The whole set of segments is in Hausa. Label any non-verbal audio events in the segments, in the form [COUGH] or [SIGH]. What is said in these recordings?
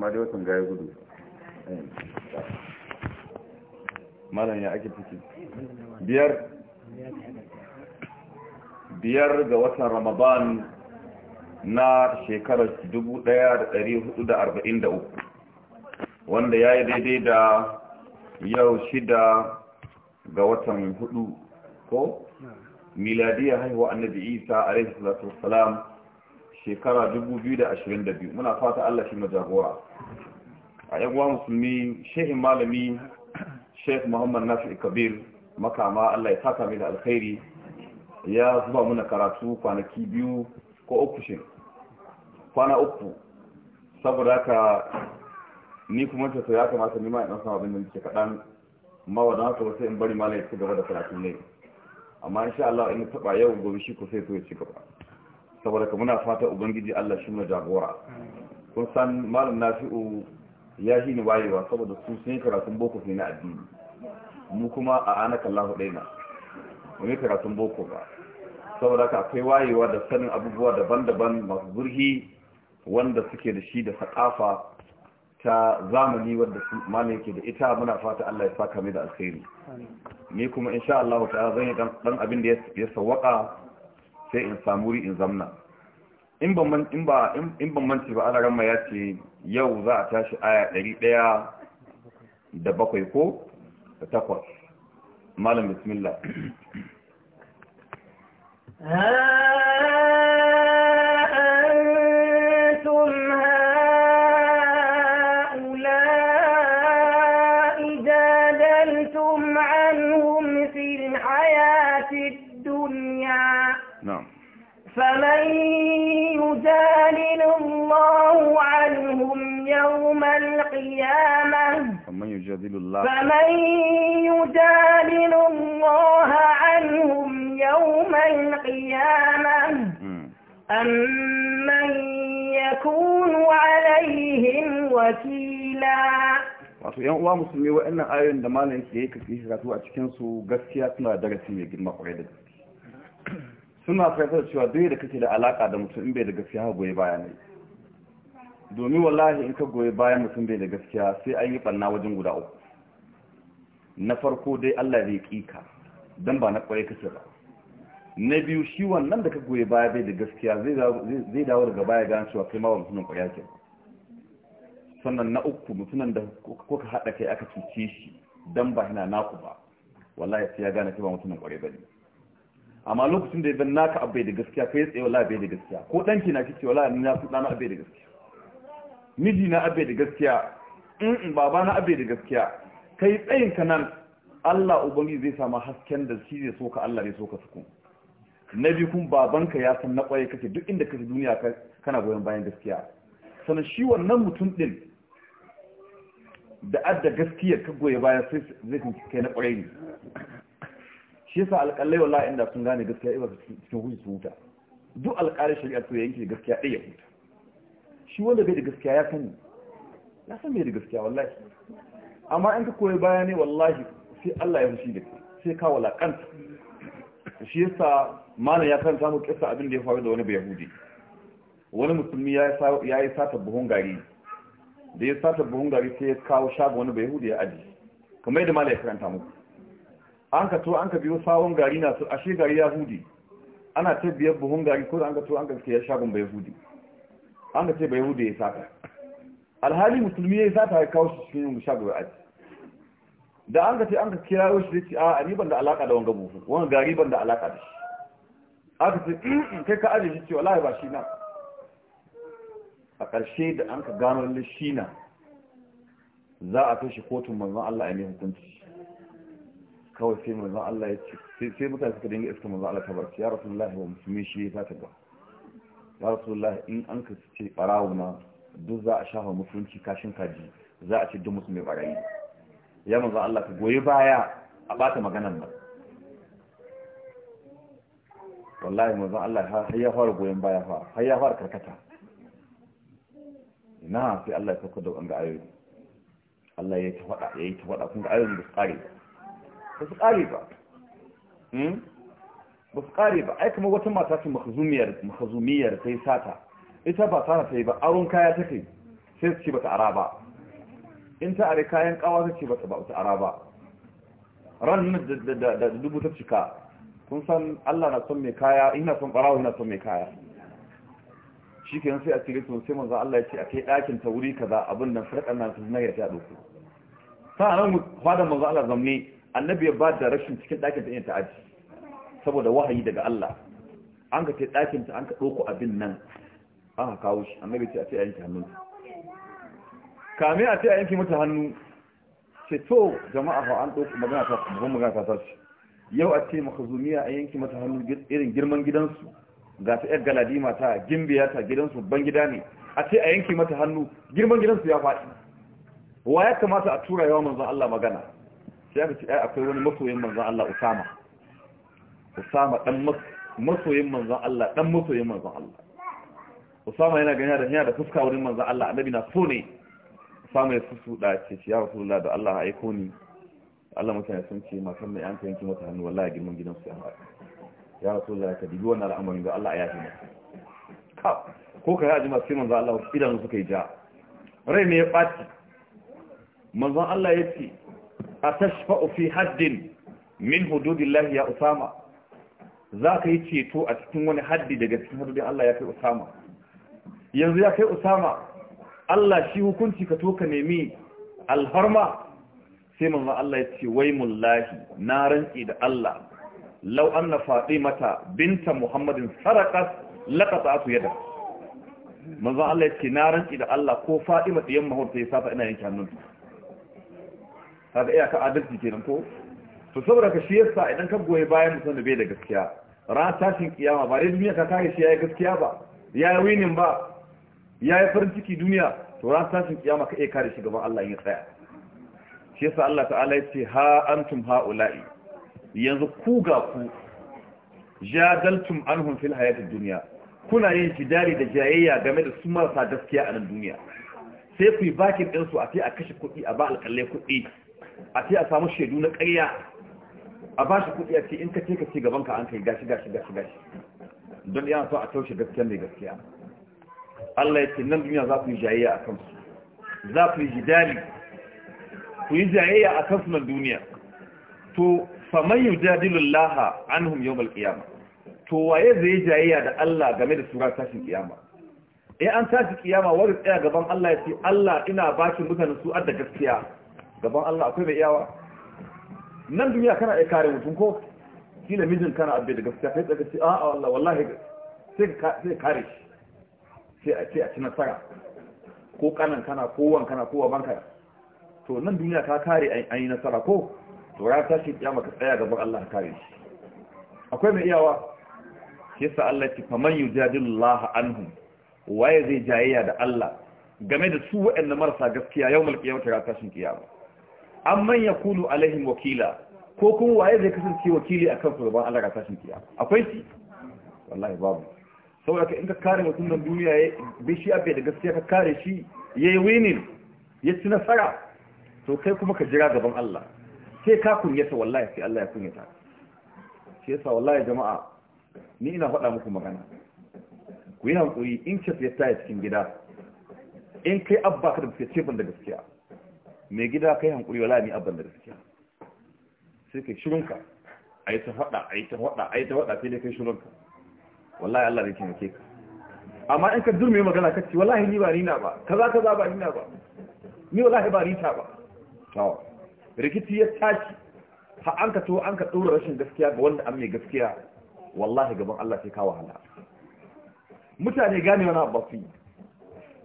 amma dai watan gaya gudu malam ya ake fiki biyar biyar ga watan ramadan na shekarar 1443 wanda ya yi daidai da yau shida ga watan hudu ko miladiyar haihuwa annabi isa a.s.w shekara 2022 muna fata Allah shi majagora a yaguwa musulmi shehin malami sheikh muhammad nafi kabir makama Allah ya saka mai da alkhairi ya zuba muna karatu kwanaki biyu ko uku shi kwana uku saboda haka ni kuma ta ya kamata ni ma ya dan sama abin da nake kaɗan amma haka wasu in bari malai ya ci gaba da karatu ne amma insha Allah in taba yau gobe shi ko sai to ya ci gaba saboda ka muna fata ubangiji Allah shi jagora kun san malam nafi'u ya shi ni wayewa saboda su sun karatun boko ne na addini mu kuma a anaka Allahu daina mu yi karatun boko ba saboda ka kai wayewa da sanin abubuwa daban-daban masu zurhi wanda suke da shi da sakafa ta zamani wadda malam yake da ita muna fata Allah ya saka mai da alkhairi ni kuma insha Allah ta zan yi dan abin da ya sawaka sai in samu ri in zamna in ban in ba in manci ba alaran ma ya ce yau za a tashi aya ɗari ɗaya da bakwai ko da takwas malam bismillah من يجادل الله عنهم يوم القيامة فمن يجادل الله فمن يجادل الله عنهم يوم القيامة أمن يكون عليهم وكيلا wato yan uwa musulmi wa'annan ayoyin da malam ke yi kafi karatu a cikin su gaskiya suna darasi mai girma kwarai da gaske suna fahimtar cewa duk da kake da alaka da mutum in bai da gaskiya goyi baya ne domin wallahi in ka goyi bayan mutum bai da gaskiya sai an yi ɓanna wajen guda uku na farko dai Allah zai kika don ba na kwaye kace ba na biyu shi wannan da ka goyi baya bai da gaskiya zai dawo daga baya ga cewa kai ma ba mutumin kwaya ke sannan na uku mutumin da kuka haɗa kai aka cuce shi don ba yana naku ba wallahi sai ya gane kai ba mutumin kwaye ba ne amma lokacin da zan naka abai da gaskiya kai tsaye wallahi bai da gaskiya ko danki na kike wallahi na su dana abai da gaskiya miji na abai da gaskiya in baba na abai da gaskiya kai tsayin ka nan Allah ubangi zai sama hasken da shi zai soka Allah zai soka suku na biyu kun babanka ya san na kwaye kake duk inda kake duniya kana goyon bayan gaskiya sanan shi wannan mutum din da adda gaskiya ka goye baya sai zai kai na kwaye shi yasa alƙalai wallahi inda sun gane gaskiya iba cikin hujji su huta duk alƙalai shari'a to yanke gaskiya ɗaya huta shi wanda bai da gaskiya ya sani ya san bai da gaskiya wallahi amma in ka koyi baya ne wallahi sai Allah ya fushi da kai sai ka walakanta shi yasa malam ya karanta mu kissa abin da ya faru da wani bayahudi wani musulmi ya ya yi sata buhun gari da ya sata buhun gari sai ya kawo shago wani bayahudi ya aji kamar yadda malam ya karanta muku an ka to an ka biyo sawon gari na su ashe gari yahudi ana ta biyar buhun gari ko an ka to an ka ya shagon bai yahudi an ka ce bai yahudi ya saka. alhali musulmi ya sata ya kawo shi cikin shagon bai aji da an ka ce an ka kira shi zai ce a ni ban da alaka da wanga buhu wanga gari ban da alaka da shi ka ce kai ka aje shi ce wallahi ba shi na a ƙarshe da an ka gano lalle shi na za a kai shi kotun manzon Allah ya ne hukunci kawai sai manzon Allah ya ce sai mutane suka dinga iska manzon Allah tabarci ya rasulullahi wa musulmi shi ya fata ba ya rasulullahi in an ka ce barawo na duk za a shafa musulunci kashin kaji za a ce duk musulmi barayi ya manzon Allah ka goyi baya a bata maganar nan wallahi manzon Allah har ya fara goyon baya fa har ya fara karkata ina sai Allah ya sauka da wanga ayoyi Allah ya yi ta faɗa ya yi ta faɗa kun ga ayoyin da su ƙare ba su kare ba hmm? ba su kare ba ai kamar wata mata ce makazumiyar ta yi sata ita ba sata ta yi ba aron kaya ta kai sai su ce bata ara ba in ta are kayan kawa ta ce bata bata ara ba ran da dubu ta cika kun san Allah na son mai kaya ina son barawo ina son mai kaya shi ke sai a cire su sai manzo Allah ya ce a kai ɗakin ta wuri kaza abin nan farkan nan su na ya ta ɗauko sa'an nan fadan manzo Allah zamne annabi ya ba da rashin cikin ɗakin ta yin ta'aji saboda wahayi daga Allah an ka ce ɗakin ta an ka ɗauko abin nan an ka kawo shi annabi ce a ce a yanki hannun kame a ce a yanki mata hannu ce to jama'a fa an ɗauko magana ta babban magana ta tashi yau a ce makazumiya a yanki mata hannu irin girman gidansu ga ta yar galadima ta gimbiya ta gidansu ban gida ne a ce a yanki mata hannu girman gidansu ya faɗi wa ya kamata a tura yawa manzon Allah magana sai aka ce akwai wani masoyin manzan Allah Usama Usama dan masoyin manzan Allah dan masoyin manzan Allah Usama yana gani da yana da fuska wurin manzan Allah annabi na so ne Usama ya susu da ce ya Rasulullah da Allah ya aiko ni Allah mutane sun ce matan mai an yanki mata hannu wallahi girman gidan su ya haɗa ya Rasulullah ka dibi wannan al'amarin da Allah ya yi maka ka ko ka yaji masu manzan Allah idan suka yi ja rai ne ya ɓaci manzan Allah ya ce atashfa'u fi haddin min hududillahi ya usama za ka yi ceto a cikin wani haddi daga cikin hududin Allah ya kai usama yanzu ya kai usama Allah shi hukunci ka to ka nemi alharma sai manzo Allah ya ce wai mullahi na rantsi da Allah law anna fatimata binta muhammadin sarakat laqata'tu yada manzo Allah ya ce na rantsi da Allah ko fatima diyan mahurta ya safa ina yanke hannunta kaga iyaka adalci kenan ko to saboda ka shi yasa idan ka goyi bayan mutum da bai da gaskiya ran tashin kiyama ba dai duniya ka kai shi yayi gaskiya ba yayi winin ba yayi farin ciki duniya to ran tashin kiyama ka iya kare shi gaban Allah in ya tsaya shi yasa Allah ta'ala ya ce ha antum haula'i yanzu ku ga ku jadaltum anhum fil hayatid dunya kuna yin jidali da jayayya game da su marasa gaskiya a nan duniya sai ku yi bakin ɗinsu a fi a kashe kuɗi a ba alƙalai kuɗi a ce a samu shaidu na ƙarya a ba shi kuɗi a ce in ka ce ka ce gaban ka an kai gashi gashi gashi gashi don yana so a taushe gaskiya mai gaskiya Allah ya ce nan duniya za ku yi jayayya a kansu za ku yi jidali ku yi jayayya a kansu nan duniya to faman yujadilullah anhum yawmal qiyamah to waye zai yi jayayya da Allah game da sura tashin kiyama eh an tashi kiyama wani tsaya gaban Allah ya ce Allah ina bakin mutanen su adda gaskiya gaban Allah akwai mai iyawa nan duniya kana iya kare mutum ko kila mijin kana abbe da gaskiya kai tsaka ce a a wallahi wallahi sai ka sai kare shi sai a ce a ci nasara ko kanan kana ko wan kana ko wan kana to nan duniya ka kare an yi nasara ko to ra ta shi kiyama ka tsaya gaban Allah kare shi akwai mai iyawa yasa Allah ki faman yujadillahu anhum waye zai jayayya da Allah game da su waɗanda marasa gaskiya yau qiyamah ta tara tashin kiyama amma ya kulu alaihim wakila ko kuma waye zai kasance wakili a kan gaban Allah ga tashin kiya akwai shi wallahi babu saboda ka in ka kare mutum nan duniya ya bi shi abai da gaskiya ka kare shi yayi winin, ya ci nasara to kai kuma ka jira gaban Allah sai ka kunyata wallahi sai Allah ya kunyata shi yasa wallahi jama'a ni ina faɗa muku magana ku yi hankuri in ce ya taya cikin gida in kai abba ka da ce ban da gaskiya mai gida kai hankuri wala ni abban da gaskiya sai kai shirunka a yi ta faɗa a yi ta faɗa a yi ta faɗa sai dai kai shirunka wallahi Allah ne taimake ka amma in ka durme magana ka ce wallahi ni ba ni na ba kaza kaza ba ni na ba ni wallahi ba ni ta ba to rikici ya tashi ha an ka to an ka dora rashin gaskiya ga wanda an mai gaskiya wallahi gaban Allah sai ka wahala mutane gane wani abu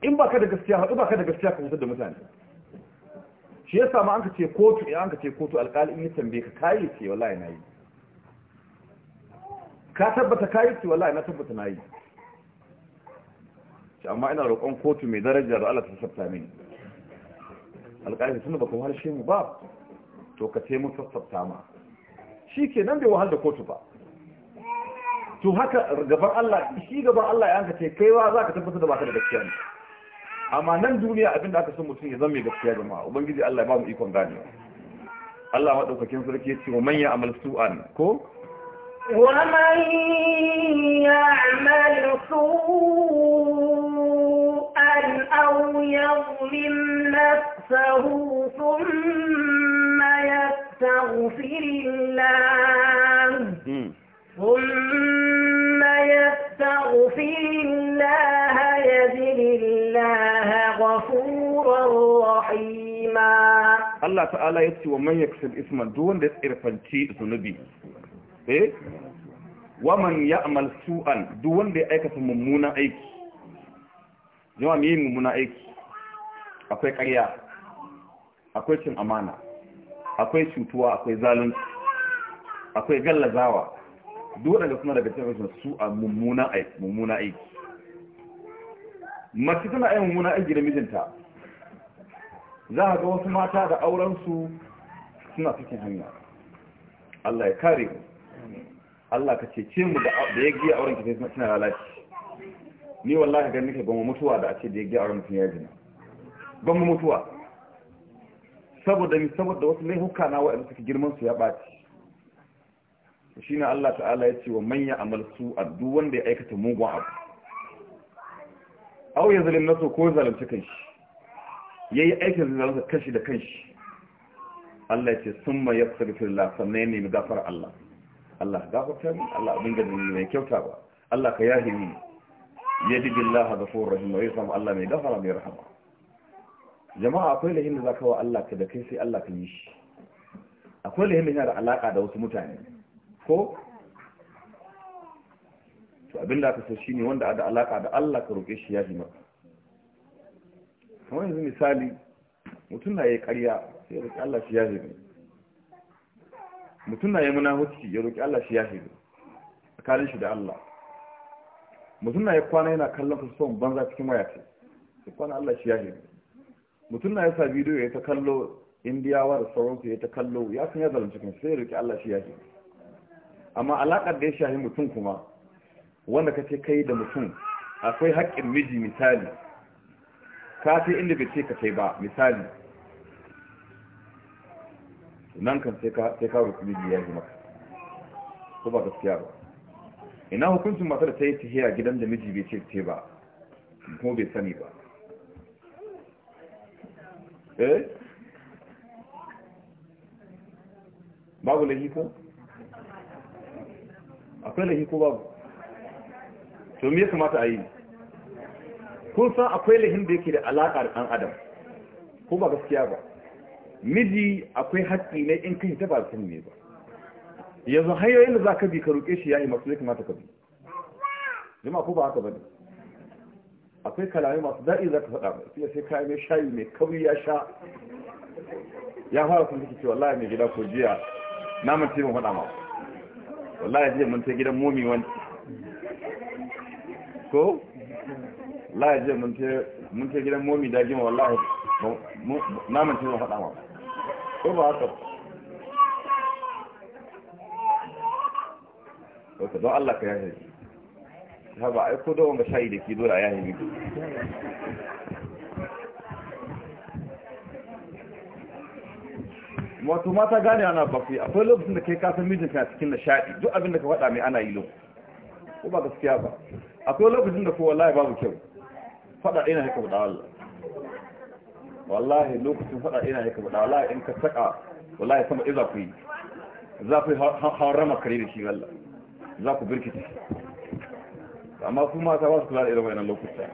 in ba ka da gaskiya haɗu ba ka da gaskiya ka mutar da mutane shi yasa ma an ka ce kotu in an ka ce kotu alƙali in ya tambaye ka kayi ce wallahi na yi ka tabbata kayi ce wallahi na tabbata na yi ce amma ina roƙon kotu mai daraja da Allah ta sassafta mini alƙali ba baka harshe mu ba to ka ce mun sassafta ma shi ke nan bai wahal da kotu ba to haka gaban Allah shi gaban Allah ya an ka ce kaiwa za ka tabbata da baka da gaskiya ne amma nan duniya abin da aka san mutum ya zama gaskiya jama'a ubangiji Allah ya ba mu ikon gani Allah madaukakin sarki ya ce wa man amal su'an ko ومن يعمل سوءا أو يظلم نفسه ثم يستغفر الله thumma يستغفر الله Allah ta'ala ya ce wa man yaksib isman duk wanda ya tsirfanci zunubi eh wa man ya'mal su'an duk wanda ya aikata mummunan aiki jama'a me mummunan aiki akwai ƙarya akwai cin amana akwai cutuwa akwai zalunci akwai gallazawa duk wanda suna daga cikin su'a mummunan aiki mummunan aiki mace tana yin mummunan aiki da mijinta za a ga wasu mata da aurensu suna cikin hanya Allah ya kare mu Allah ka cece mu da ya giya auren kafin suna cina lalaci ni wallahi ga nake gama mutuwa da a ce da ya giya auren mutum ya jina gama mutuwa saboda ni saboda wasu laifuka na waɗanda suke girman su ya ɓaci shi ne Allah ta'ala ya ce wa manya amal su a duk wanda ya aikata mugun abu au ya zalim naso ko zalunci kai shi ya yi aikin zinaransa kashi da kanshi Allah ya ce sun ma ya fi firla sannan ya nemi gafar Allah Allah gafarta ne Allah abin ne mai kyauta ba Allah ka yahi ne ya ji billaha da fuhur rahim ya samu Allah mai gafara mai rahama jama'a akwai lahin da za ka wa Allah ka da kai sai Allah ka yi shi akwai lahin da yana da alaƙa da wasu mutane ko to abin da aka so shine wanda da alaƙa da Allah ka roƙe shi yahi maka kamar yanzu misali mutum na ya karya sai ya roƙi Allah shi yafe mai mutum na ya munafuci ya roƙi Allah shi yafe a tsakanin shi da Allah mutum na ya kwana yana kallon kusurwan banza cikin waya ce ya kwana Allah shi yafe mai mutum na ya sa bidiyo ya ta kallo indiyawa da sauransu ya ta kallo ya san ya zalunci kan sai ya roƙi Allah shi yafe mai amma alaƙar da ya shahi mutum kuma wanda ka ce kai da mutum akwai haƙƙin miji misali ka ta inda bai ce ka kai ba misali nan kan sai ka rufu miji ya yi maka ko ba gaskiya ba ina hukuncin matar ta yi tahiya gidan da miji bai ce ta ba kuma bai sani ba eh babu lahi ko? akwai lahi ko babu to me ya kamata a yi kun san akwai lahin da yake da alaƙa da ɗan adam ko ba gaskiya ba miji akwai haƙƙi ne in kai ta ba sun ne ba yanzu hanyoyin da za ka bi ka roƙe shi ya yi masu yake mata ka bi jima ko ba haka ba ne akwai kalamai masu daɗi za ka faɗa ba sai sai kayan mai shayi mai kauri ya sha ya fara sun take ce wallahi mai gida ko jiya na mace ban faɗa ma wallahi jiya mun ta gidan momi wani ko la ya je mun te gidan momi da gima wallahi na mun ba faɗa ma ko ba haka ko ka don Allah ka yahe ha ba ai ko da wanda shayi da ke dole a yahe miki wato mata gane ana bafi akwai lokacin da kai kasan mijin na cikin nishaɗi duk abin da ka faɗa mai ana yi lo ko ba gaskiya ba akwai lokacin da kowa wallahi babu kyau fada ina yake faɗa Allah wallahi lokacin fada ina yake in ka saka wallahi sama iza ku yi za ku harama kare da shi za ku birkita amma kula da irin wannan lokuta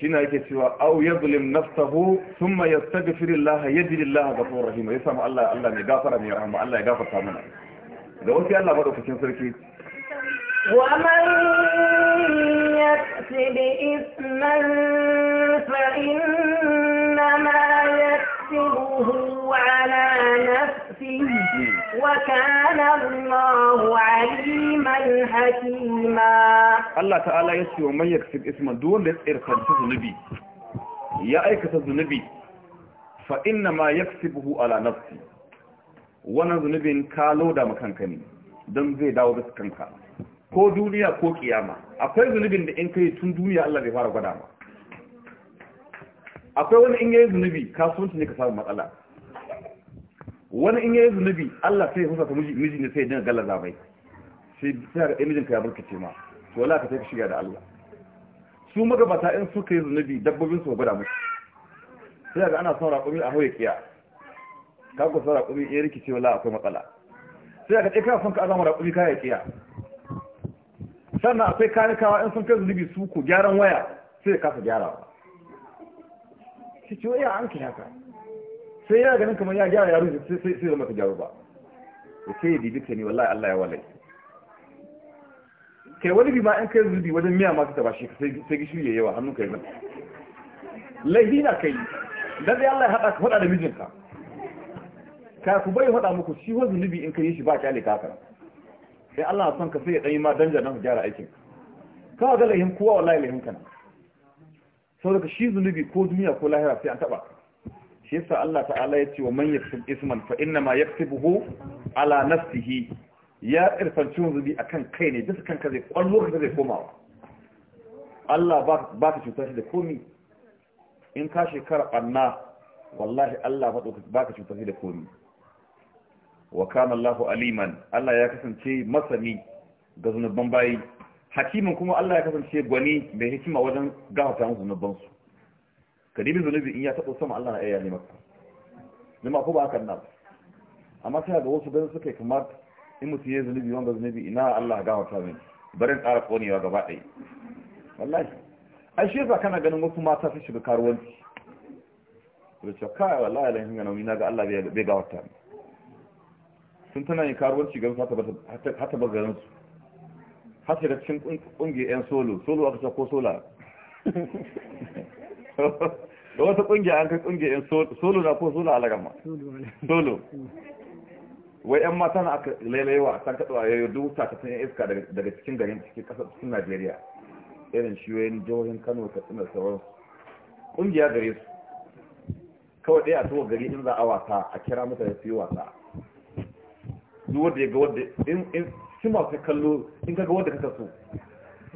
shi yake cewa au nafsahu thumma yastaghfir Allah Allah ghafur rahim ya samu Allah Allah gafara rahama Allah ya gafarta mana da wasu Allah madaukakin sarki wa man يكسب إثما فإنما يكسبه على نفسه وكان الله عليما حكيما الله تعالى يسي ومن يكسب إثما دون إرسال ذنبي يا أيكة ذنبي فإنما يكسبه على نفسه wannan zunubin ka loda makankani don zai dawo da su kanka ko duniya ko kiyama akwai zunubin da in kai tun duniya Allah bai fara gwada ba akwai wani in yayi zunubi kasuwanci ne ka samu matsala wani in yayi zunubi Allah sai ya husa ka miji miji ne sai ya dinga gallaza mai sai sai ga imijin ka ya burkice ma to wala ka sai ka shiga da Allah su magabata in suka yi zunubi dabbobin su gwada musu sai ga ana son raƙumi a hoye kiya ka ku son raƙumi in rikice wala akwai matsala sai ga ɗaya kana son ka azama raƙumi ka ya kiya sannan akwai kanikawa in sun kai zunubi su ku gyaran waya sai ya kasa ba shi ce waya an ka haka sai yana ganin kamar ya gyara yaro sai sai zama ta gyaru ba to sai ya bibita ni wallahi Allah ya walai kai wani bi ma in kai zunubi wajen miya ma ta bashi sai gishiri ya yawa hannun kai nan lahina kai dan dai Allah ya hada ka hada da mijinka ka ku bai hada muku shi wa zunubi in kai shi ba kyale ka haka sai Allah son ka sai ya ɗanyi ma danja don ka gyara aikin ka ga lahin kowa wallahi ka kana sau daga shi zunubi ko duniya ko lahira sai an taɓa shi yasa Allah ta'ala ya ce wa man yaksib isman fa inna ma yaksibuhu ala nafsihi ya irfanci zunubi akan kai ne duka kanka zai kwallo ka zai komawa Allah ba ka cuta shi da komi in ka shekara ɓanna wallahi Allah ba ka cuta shi da komi wa kana Allahu aliman Allah ya kasance masani ga zunuban bayi hakimin kuma Allah ya kasance gwani mai hikima wajen gafarta musu zunuban su kadibin zunubi in ya taɓa sama Allah na iya ne maka ko ba haka nan amma sai ga wasu gani suka kamar in mutum ya zunubi wanda zunubi ina Allah gafarta min barin tsara ƙonewa gaba ɗaya wallahi ai shi yasa kana ganin wasu mata su shiga karuwanci da cewa kai wallahi lahin ga nauni na ga Allah bai gafarta min sun tana yin karuwanci ga hata ba garin su hata da cikin kungiyar yan solo solo aka sa ko sola [LAUGHS] da wata kungiya an kai kungiyar yan solo na ko sola a lagama solo hmm. wai yan mata na aka lailayewa a san kaɗuwa ya yi dubu sakatan iska daga cikin garin cikin ƙasar cikin najeriya irin shiyoyin jihohin kano katsina sauran kungiya gare su kawai ɗaya a tuwa gari in za a wasa a kira mutane su yi wasa zuwa da ya ga wadda in shi masu kallo in ka ga wadda ka so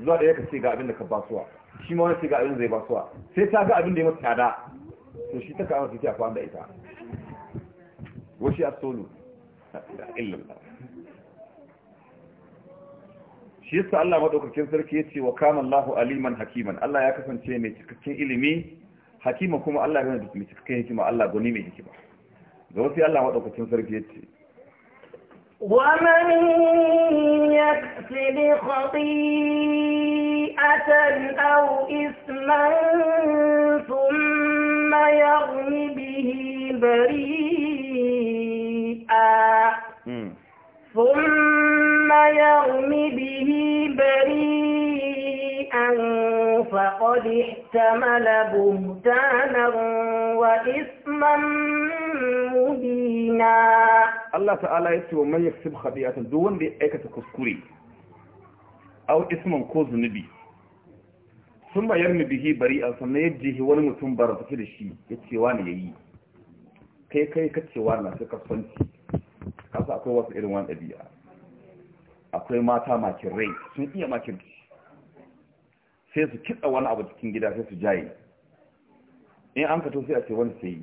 zuwa da ya ka ce ga abin da ka basuwa shi ma wani ce ga abin zai basuwa sai ta ga abin da ya mata tada to shi ta kama fiti a kwan da ita washi a solo illallah shi yasa Allah maɗaukakin sarki ya ce wa kamar Allahu aliman hakiman Allah ya kasance mai cikakken ilimi hakima kuma Allah ya gani mai cikakken hikima Allah goni mai hikima ga wasu Allah maɗaukakin sarki ya ce. ومن يكسب خطيئة أو إثما ثم يرم به بريئا ثم يرم به بريئا شيئا فقد احتمل بهتانا وإثما مبينا الله تعالى يسوى من يكسب خبيئة دون بأيكة كسكري أو إثما كوز نبي ثم يرمي به بريئا ثم يجيه ولمتن برد كده شيء يتسيوان يي كي كي كتسيوان نسيك الصنسي كاسا أكوى واسئل وان أبيئا akwai ما تاما rai sun ما makirci sai su kitsa wani abu cikin gida sai su jaye in an kato sai a ce wani sai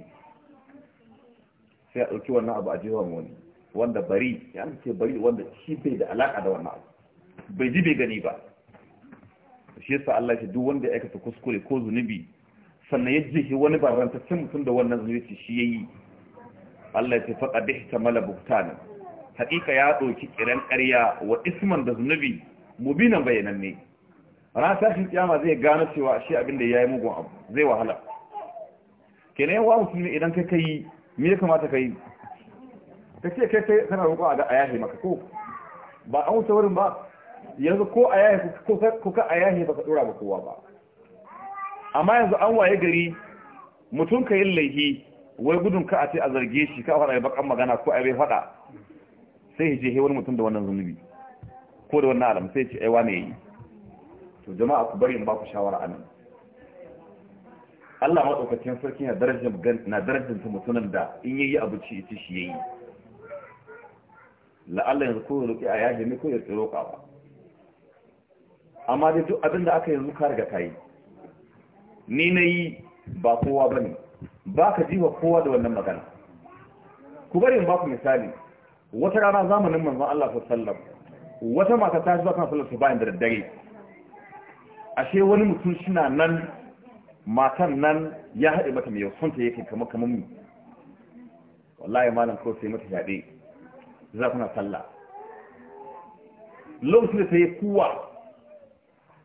sai a ɗauki wannan abu a jihar wani wanda bari ya an ce bari wanda shi bai da alaƙa da wannan abu bai ji bai gani ba shi yasa Allah shi duk wanda ya aikata kuskure ko zunubi sannan ya jihi wani barantaccen mutum da wannan zunubi shi yayi Allah ya ce faqa bihtamala buhtana haƙiƙa ya ɗauki kiran ƙarya wa isman da zunubi mubinan bayanan ne ran tashin kiyama zai gano cewa shi abin da ya yi mugun abu zai wahala kenan wa musulmi idan ka kai me ya kamata ka yi ka ce kai kai kana roƙo a ayahi maka ko ba an wuce wurin ba yanzu ko ayahi ko ko ka ayahi ba ka ɗora ba kowa ba amma yanzu an waye gari mutum ka yi laihi wai gudun ka a ce a zarge shi ka faɗa bakan magana ko a bai faɗa sai ya je wani mutum da wannan zunubi ko da wannan alam sai ce ai wane yayi to jama'a ku bari in ba ku shawara nan Allah maɗaukacin sarki na darajar na darajar mutunan da in yayi abu ci ita shi yayi la'alla yanzu ko roƙi a yaji ne ko ya tsiro ka ba amma dai duk abin da aka yanzu ka riga kai ni yi ba kowa bane ba ka ji wa kowa da wannan magana ku bari in ba ku misali wata rana zamanin manzon Allah sallallahu alaihi wasallam wata mata ta zuwa kan sallar su bayan da daddare ashe wani mutum suna nan matan nan ya haɗe mata mai son ta yake kama kama mu wallahi malam ko sai mata yaɗe za kuna sallah lokacin da ta yi kuwa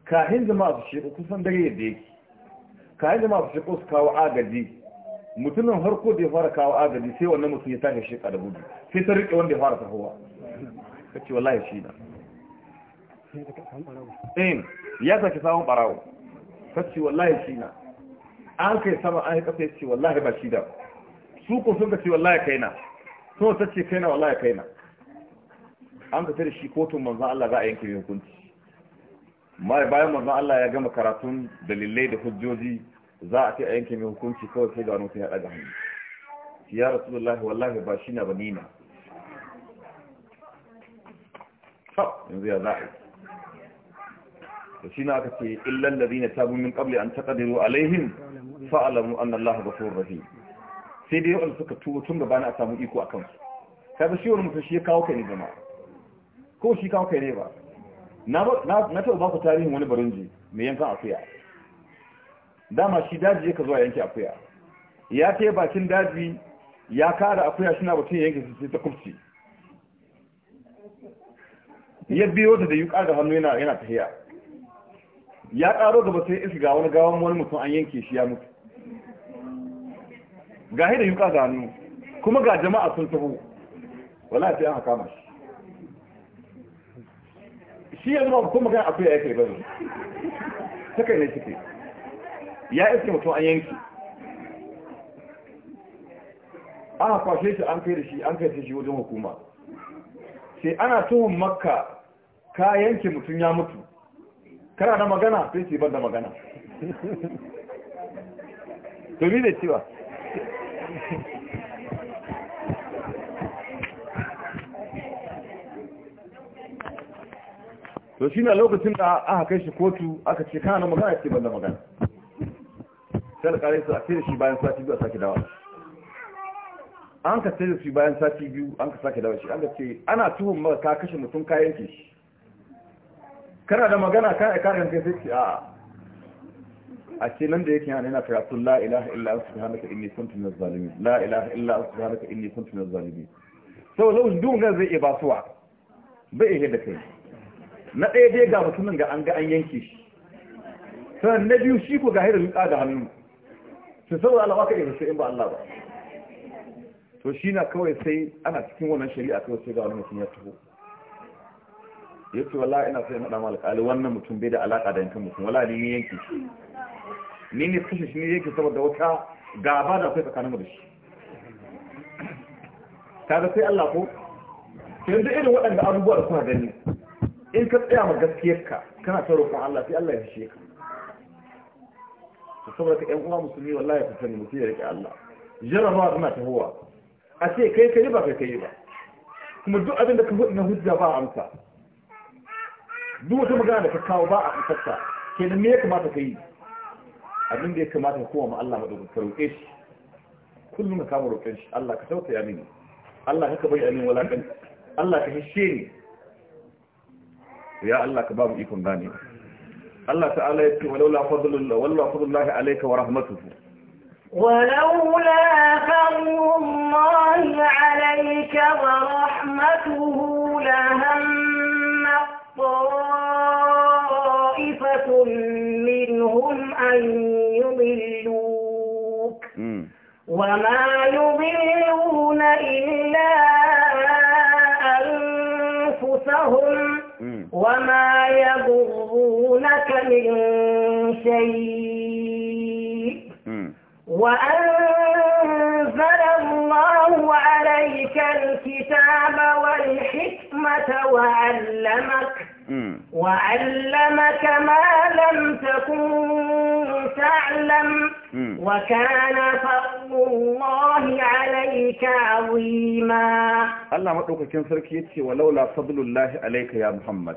kahin jama'a su sheko kusan dare yadda yake kahin jama'a su sheko su kawo agaji mutumin harko da ya fara kawo agaji sai wannan mutum ya tashi shi da gudu sai ta riƙe wanda ya fara tahowa kace wallahi shi na in ya sake samun barawo kace wallahi shi na an kai sama an kafa ce wallahi ba shi da su ko sun kace wallahi kai na so ta ce kai na wallahi kai na an kai da shi kotun manzan Allah za a yanke hukunci mai bayan manzan Allah ya gama karatun dalilai da hujjoji za a ce a yanke yin hukunci kawai sai ga wani mutum ya daga hannu ya rasulullahi wallahi ba shi na ba ni na yanzu ya za a yi to shi na aka ce illal ladina tabu min qabli an taqdiru alaihim fa'lamu anna allaha ghafurur rahim sai dai wanda suka tuwo tun gaba na a samu iko akan su ba shi wani mutum shi ya kawo kai ne zama ko shi kawo kai ne ba na taɓa ba ku tarihin wani barinji mai yankan akuya dama shi daji ya ka zuwa yankin akuya ya ce bakin daji ya kara akuya shi na batun yanki su ta kufci ya biyo ta da yuka da hannu yana tafiya ya karo gaba sai isa ga wani gawan wani mutum an yanke shi ya mutu ga da yuka ga hannu kuma ga jama'a sun taho wala sai an hakama shi shi ya zama kuma magana akwai ya kai ta kai ne cike ya iske mutum an yanke An kwashe shi an kai da shi an kai da shi wajen hukuma sai ana tuhun makka ka yanke mutum ya mutu kana da magana sai ce ban da magana to ni bai ci ba to shi na lokacin da aka kai shi kotu aka ce kana magana ce da magana sai da kare su a cire shi bayan sati biyu a sake dawa an ka cire shi bayan sati biyu an ka sake dawa shi an ka ce ana tuhun maka ka kashe mutum kayan ke shi kana da magana ka a karin kai sai a a ce nan da yake yana yana karatun la ilaha illa an subhanaka inni kuntu minaz zalimin la ilaha illa an subhanaka inni kuntu minaz zalimi sau lau duk ga zai iya basuwa bai iya da kai na ɗaya dai ga mutumin ga an ga an yanke shi sannan na biyu shi ku ga da luka da hannu su saboda Allah waka iya sai in ba Allah ba to shi na kawai sai ana cikin wannan shari'a kawai sai ga wani mutum ya taho ya ce wala ina sai naɗa mala ƙali wannan mutum bai da alaƙa da yankin mutum wala ni yanki shi ni ne kashe shi ne yanki saboda wata gaba da akwai tsakanin mu da shi kaga sai Allah ko yanzu irin waɗanda abubuwa da kuma gani in ka tsaya ma gaskiyarka kana ta roƙon Allah sai Allah ya fishe ka to saboda ka ƴan uwa musulmi wallahi ka sani mutum ya riƙe Allah jarabawa tana tahowa a ce kai kai ba kai kai ba kuma duk abin da ka hudu na hujja ba amsa duk wata magana da ka kawo ba a kasarta kenan me ya kamata ka yi abin da ya kamata ka koma ma Allah madaukakin ka roƙe shi kullum ka kama roƙen shi Allah ka tausaya mini Allah ka bai amin walakan Allah ka hishe ni ya Allah ka ba mu ikon gane Allah ta'ala ya ce walaula fadlullah wallahi fadlullahi alayka wa rahmatuhu ولولا فضل alayka wa ورحمته شيء وأنزل الله عليك الكتاب والحكمة وعلمك وعلمك ما لم تكن تعلم وكان فضل الله عليك عظيما الله مدوكاكين سركي يتي ولولا فضل الله عليك يا محمد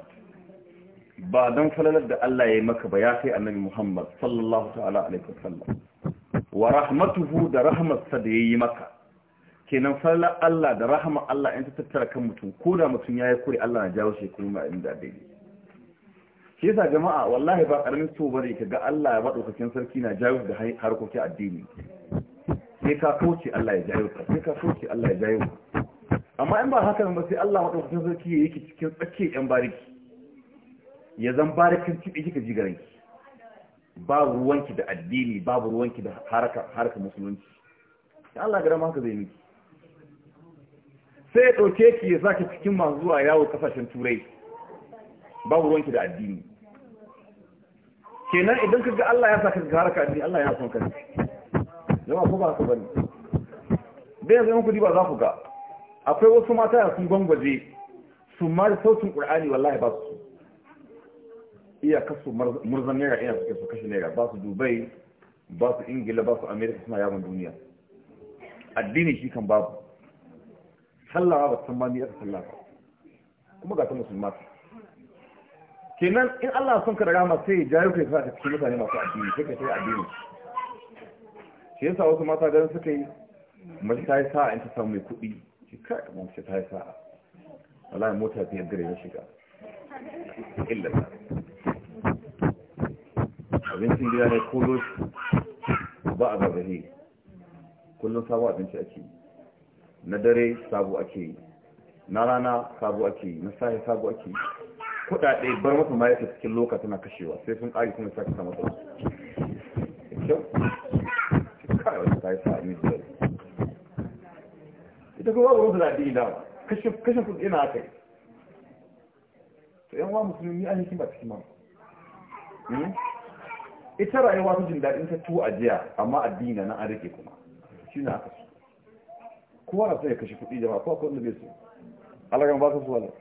ba don falalar da Allah ya yi maka ba ya kai annabi Muhammad sallallahu ta'ala alaihi wasallam wa rahmatuhu da sa da yayi maka kenan falalar Allah da rahama Allah in ta tattara kan mutum ko da mutum ya yi kure Allah na jawo shi kuma inda daidai shi yasa jama'a wallahi ba karamin so bane ga Allah ya madaukakin sarki na jawo da harkokin addini sai ka kauce Allah ya jawo ka sai ka kauce Allah ya jawo amma in ba haka ba sai Allah madaukakin sarki yake cikin tsakiyar yan bariki ya zan ba da kan kiɓe kika ji garanki babu ruwanki da addini babu ruwanki da haraka musulunci Ya Allah gara haka zai miki sai ya ɗauke ki ya sa ki cikin masu zuwa yawo kasashen turai babu ruwanki da addini kenan idan ka ga Allah ya sa ka haraka addini Allah ya son ka jama'a ko ba ka bane da yanzu in kudi ba za ku ga akwai wasu mata sun gwangwaje su ma da sautin Qur'ani wallahi ba su iya kasu murzan naira ina suke su kashe naira ba su dubai ba su ingila ba su amerika suna yawon duniya addini shi kan babu sallawa ba san bani aka sallah ba kuma ga ta musulma kenan in Allah son ka da rahama sai jayo kai sa ka cikin mutane masu addini sai ka sai addini shi yasa wasu mata garin suka yi mace ta yi sa'a in ta samu mai kuɗi shi kai mace ta yi sa'a wallahi mota ta gare na shiga illa abincin gida ne ko yoshi ba a gargaje kullum sabo abinci ake na dare sabo ake na rana sabo ake na sahi sabo ake kudade bar masa ma yake cikin loka tana kashewa sai sun kare kuma sake samu sau kyau kai wata ta yi sa ni da ita kuma babu wasu daɗi da kashin kuɗi ina aka yi to yan wa musulmi an yi kima cikin mamu hmm? ita rayuwa ta jin daɗin ta tuwo a jiya amma addini na an rike kuma shi na aka so kowa na so ya kashe kuɗi jama'a kowa kowanne bai su. alagan ba ka so wala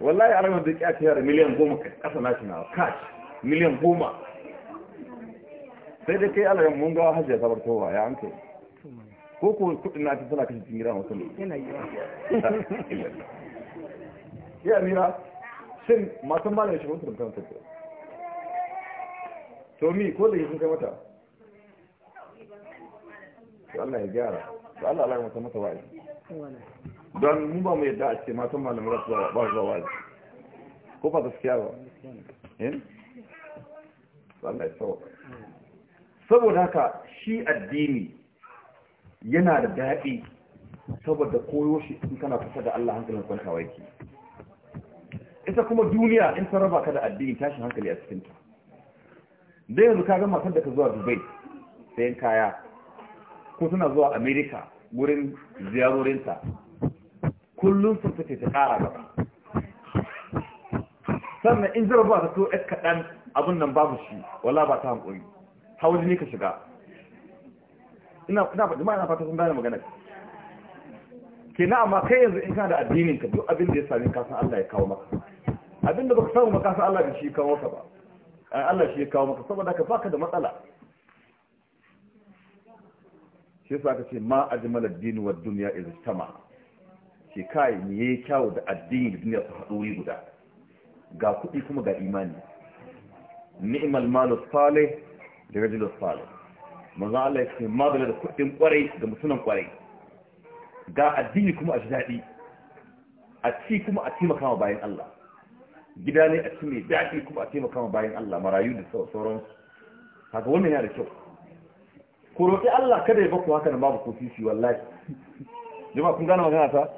wallahi alagan da ya ce yara miliyan goma ƙasa na shi na cash miliyan goma sai dai kai alagan mun gawa hajjiya sabar towa ya an kai ko ko kuɗin na ta tana kashe jingira masu ne [LAUGHS] ya mira sai masu ba ne shi mutum kan tafiya to mi ko da sun kai mata to Allah ya gyara to Allah Allah ya mata mata wa'azi don mu ba mu yadda a ce matan malamin rasu ba zuwa wa'azi ko ba gaskiya ba in eh? Allah ya sauka saboda haka shi addini yana da daɗi saboda koyo shi in kana kusa da Allah hankalin kwantawa yake ita kuma duniya in ta raba ka da addini tashin hankali a cikinta dai yanzu ka ga da ka zuwa dubai sayan kaya ko suna zuwa america wurin ziyarorinta kullum sun fice ta kara gaba sannan in jarabawa ta so ya kaɗan abin nan babu shi wala ba ta hankuri hawa jini ka shiga ina fata sun gane magana ke na amma kai yanzu in kana da addinin ka duk abin da ya sami kasan Allah ya kawo maka abin da baka samu makasan Allah da shi kawo maka ba Allah shi ya kawo maka saboda ka baka da matsala shi yasa aka ce ma ajmal ad-din wa ad-dunya iz tama shi kai ne yayi kyawu da addini da duniya su hadu wuri guda ga kudi kuma ga imani ni'mal malu salih da rajulus salih manzo Allah ya ce ma da kudin kwarai da mutunan kwarai ga addini kuma a shi dadi a ci kuma a taimaka wa bayan Allah gida ne a cikin daɗi kuma a taimaka ma bayan Allah marayu da sauran haka wannan yana da kyau ku roƙi Allah kada ya baku haka nan babu ko sisi wallahi jama kun gane magana ta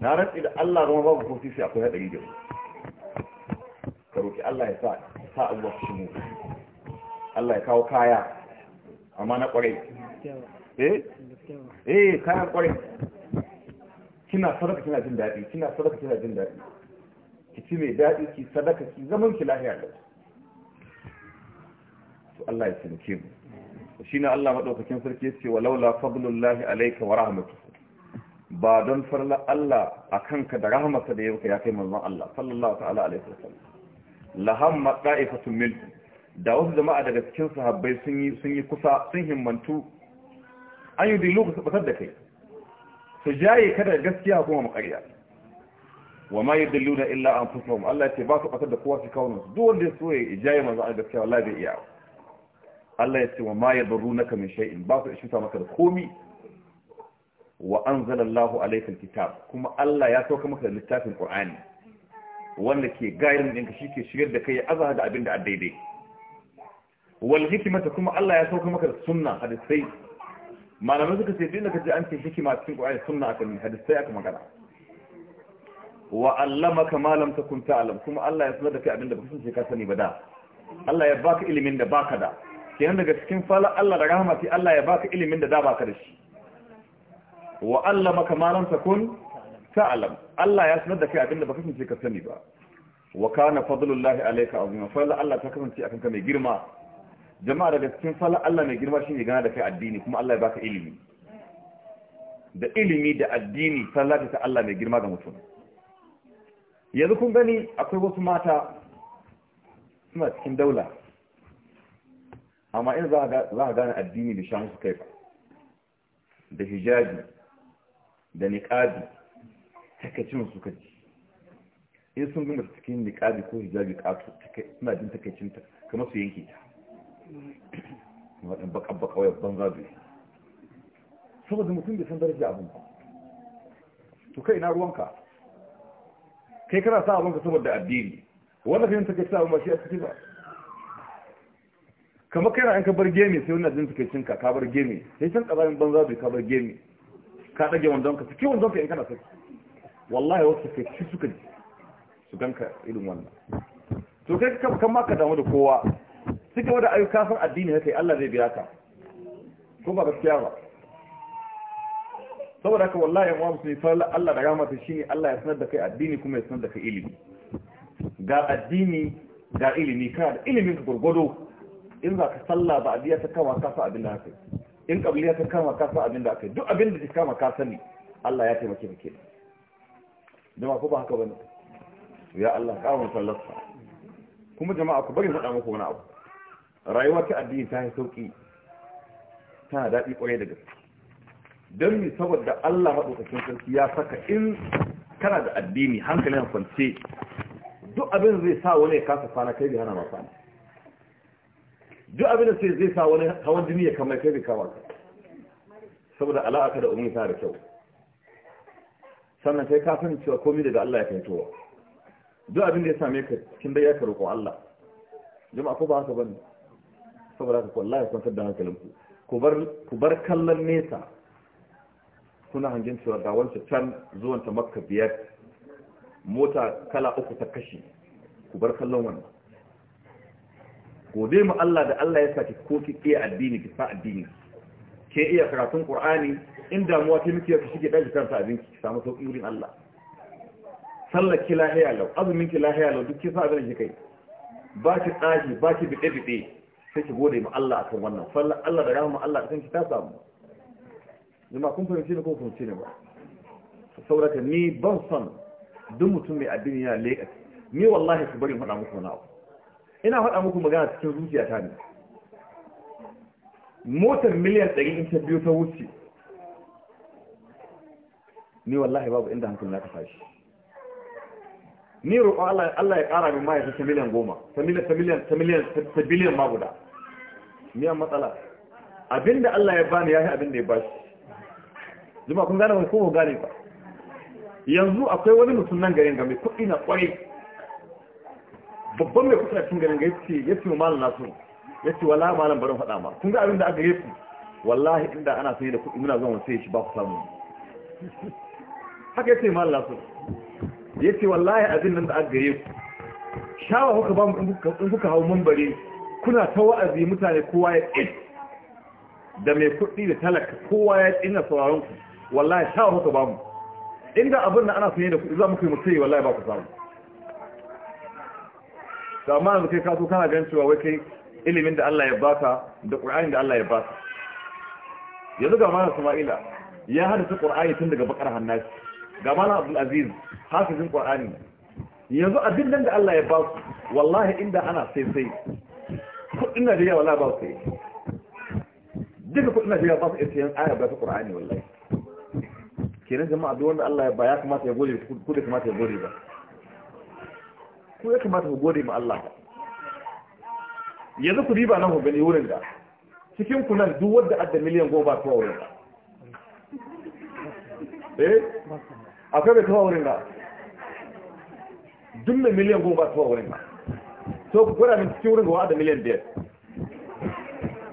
na rantsi da Allah zama babu ko sisi akwai haɗari da ka roƙi Allah ya sa sa abubuwa su shigo Allah ya kawo kaya amma na ƙwarai eh eh kayan ƙwarai kina sadaka kina jin daɗi kina sadaka kina jin daɗi ki ci mai daɗi ki sadaka ki zaman ki lahiya da su Allah ya tsinke mu shine Allah madaukakin sarki yace walaula fadlullahi alayka wa rahmatu ba don farla Allah akanka da rahmatsa da yauka ya kai manzon Allah sallallahu ta'ala alaihi wasallam lahamma qa'ifatun minhu da wasu jama'a daga cikin sahabbai sun yi sun yi kusa sun himmantu an yi dilu ku tabbatar da kai su jaye kada gaskiya kuma makarya wa ma yadilluna illa anfusahum Allah ya ce ba su batar da kowa su kawo su duk wanda ya so ya ijaye manzo Allah gaskiya wallahi bai iya Allah ya ce wa ma yadurunaka min shay'in ba su ishuta maka da komi wa anzala Allahu alayka alkitab kuma Allah ya sauka maka da littafin Qur'ani wanda ke gairin ɗinka shi ke shigar da kai ya azaha da abin da daidai wal hikimata kuma Allah ya sauka maka da sunna hadisai malamai suka ce duk da kaje an ce hikima cikin Qur'ani sunna akan hadisai aka magana wa allamaka ma ta kun ta'alam, kuma Allah ya sanar da kai abinda sun ce ka sani ba da Allah ya baka ilimin da baka da kenan daga cikin fala Allah da rahmati Allah ya baka ilimin da da baka da shi wa allamaka ma ta kun ta'alam, Allah ya sanar da kai abinda sun ce ka sani ba wa kana fadlullahi alayka azima fala Allah ta kasance akan ka mai girma jama'a daga cikin fala Allah mai girma shine gana da kai addini kuma Allah ya baka ilimi da ilimi da addini fallata ta Allah mai girma ga mutum yanzu kun gani akwai wasu mata suna cikin daula amma in za a gane addini da shan kai da hijabi da niƙabi takaicin su kaji in sun gama cikin niƙabi ko hijabi ƙato suna jin takaicin ta kamar su yanke ta waɗin baƙa kawai banza biyu saboda mutum bai san daraja abin ba to kai na ruwanka kai kana sa abinka saboda addini wanda kai ka sa abin ba shi a ciki ba kamar kai na an ka bar gemi sai wannan jin take cinka ka bar gemi sai can kazamin banza bai ka bar gemi ka dage wandon ka cikin wandon ka in kana saki wallahi wasu kai ci suka ji su ganka irin wannan to kai ka kan ma ka damu da kowa cikin wada ayyuka san addini kai Allah zai biya ka ko ba gaskiya ba saboda haka wallahi yan musulmi ne Allah da shi shine Allah ya sanar da kai addini kuma ya sanar da kai ilimi ga addini ga ilimi ka da ilimin ka gurgudu in za ka sallah ba abiya ta kama ka sa abin da haka in kabiliya ta kama ka sa abin da haka duk abin da ta kama ka sani Allah ya taimake ka kenan jama'a ko ba haka bane ya Allah mu sallarsa kuma jama'a ku bari faɗa muku wani abu Rayuwar ta addini ta yi sauki tana daɗi ƙwarai da gaske don mi saboda Allah maɗaukakin sarki ya saka in kana da addini hankali na kwance duk abin zai sa wani ya kasa kwana kai bai hana ma kwana duk abin da sai zai sa wani hawan jini ya kamar kai bai kama ka saboda ala'aka da umarni ta da kyau sannan kai ka san cewa komai daga Allah ya towa duk abin da ya same ka cikin dai ya ka roƙo Allah jama'a ko ba haka bane saboda haka wallahi kun sadda hankalinku ku ku bar kallon nesa kuna hangen cewa wancan can zuwan ta makka biyar mota kala uku ta kashi ku bar kallon wannan gode mu Allah da Allah ya saki ko ki iya addini ki sa addini ke iya karatun Qur'ani in damuwa ta miki ka shige daji kanta abin ki samu sauki wurin Allah sallar ki lahiya lau azumin ki lahiya lau duk ki sa abin ki kai ba ki tsaji ba ki bide bide sai ki gode mu Allah akan wannan sallar Allah da rahama Allah akan ki ta samu Ni ma kun fahimci ne ko fahimci ne ba saurata ni ban son duk mutum mai addini yana leƙa ni wallahi ku bari faɗa muku na'u ina faɗa muku magana cikin zuciya ta ne motar miliyan ɗari in ta biyu ta wuce ni wallahi babu inda hankali na ka fashi ni roƙon Allah ya ƙara min mai ta miliyan goma ta miliyan ta miliyan ta miliyan ta biliyan ma guda ni matsala abinda Allah ya bani ya yi abinda ya bashi zuma kun gane ko gane ba yanzu akwai wani mutum nan garin ga mai kuɗi na kwarai babban mai kuɗi na cikin garin ga yace yace wa malam nasu ce wala malam barin faɗa ma kun ga abin da aka yi wallahi inda ana sai da kuɗi muna zama sai shi ba ku samu haka ya ce malam nasu ce wallahi abin nan da aka yi ku shawa kuka ba mu in kuka hau mambare kuna ta wa'azi mutane kowa ya tsit da mai kuɗi da talaka kowa ya tsina sauraron ku wallahi sha muka ba mu inda abin da ana sanye da kuɗi za mu kai mutai wallahi ba ku samu da amma da kai ka zo kana gan cewa wai kai ilimin da Allah ya baka da Qur'ani da Allah ya baka yanzu ga malam Sama'ila ya hadasa Qur'ani tun daga bakar hannashi ga malam Abdul Aziz hafizin Qur'ani yanzu abin nan da Allah ya ba su wallahi inda ana sai sai da Najeriya wallahi ba su sai duka da Najeriya ba su iya sayan aya ba su Qur'ani wallahi kenan jama'a duk wanda Allah ba ya kamata ya gode ku da kamata ya gode ba ku ya kamata ku gode ma Allah yanzu ku riba nan ku gani wurin da cikin ku nan duk wanda adda miliyan goma ba tuwa wurin da eh akwai bai tuwa wurin da duk mai miliyan goma ba tuwa wurin da to ku gwada min cikin wurin da wa'ada miliyan biyar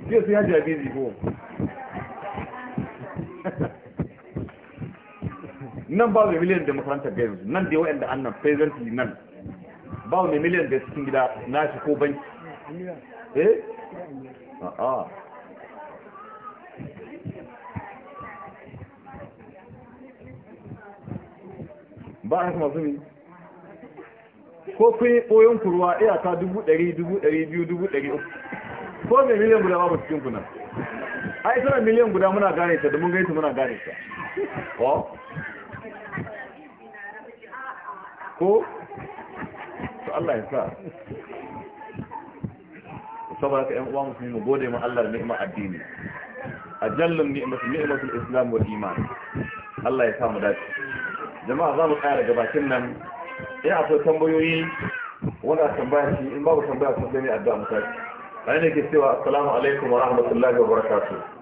jiya sun yaji a bizi goma nan ba mai miliyan da makarantar ga yanzu nan dai da annan presently nan ba mai miliyan da cikin gida na shi ko banki eh a ba a masu zumi ko kun yi ɓoyon kurwa iyaka dubu ɗari dubu ɗari biyu dubu ɗari uku ko mai miliyan guda babu cikin kuna a tana miliyan guda muna gane ta da mun gaita muna gane ta ko to Allah ya sa saboda ka ƴan uwa musulmi mu gode ma Allah da ni'imar addini ajallun ni'matul ni'matul islam wal iman Allah ya sa mu dace jama'a za mu ga bakin nan in so tambayoyi wanda tambaya shi in babu tambaya sai ne addu'a mu sai ne ke cewa assalamu alaikum wa rahmatullahi wa barakatuh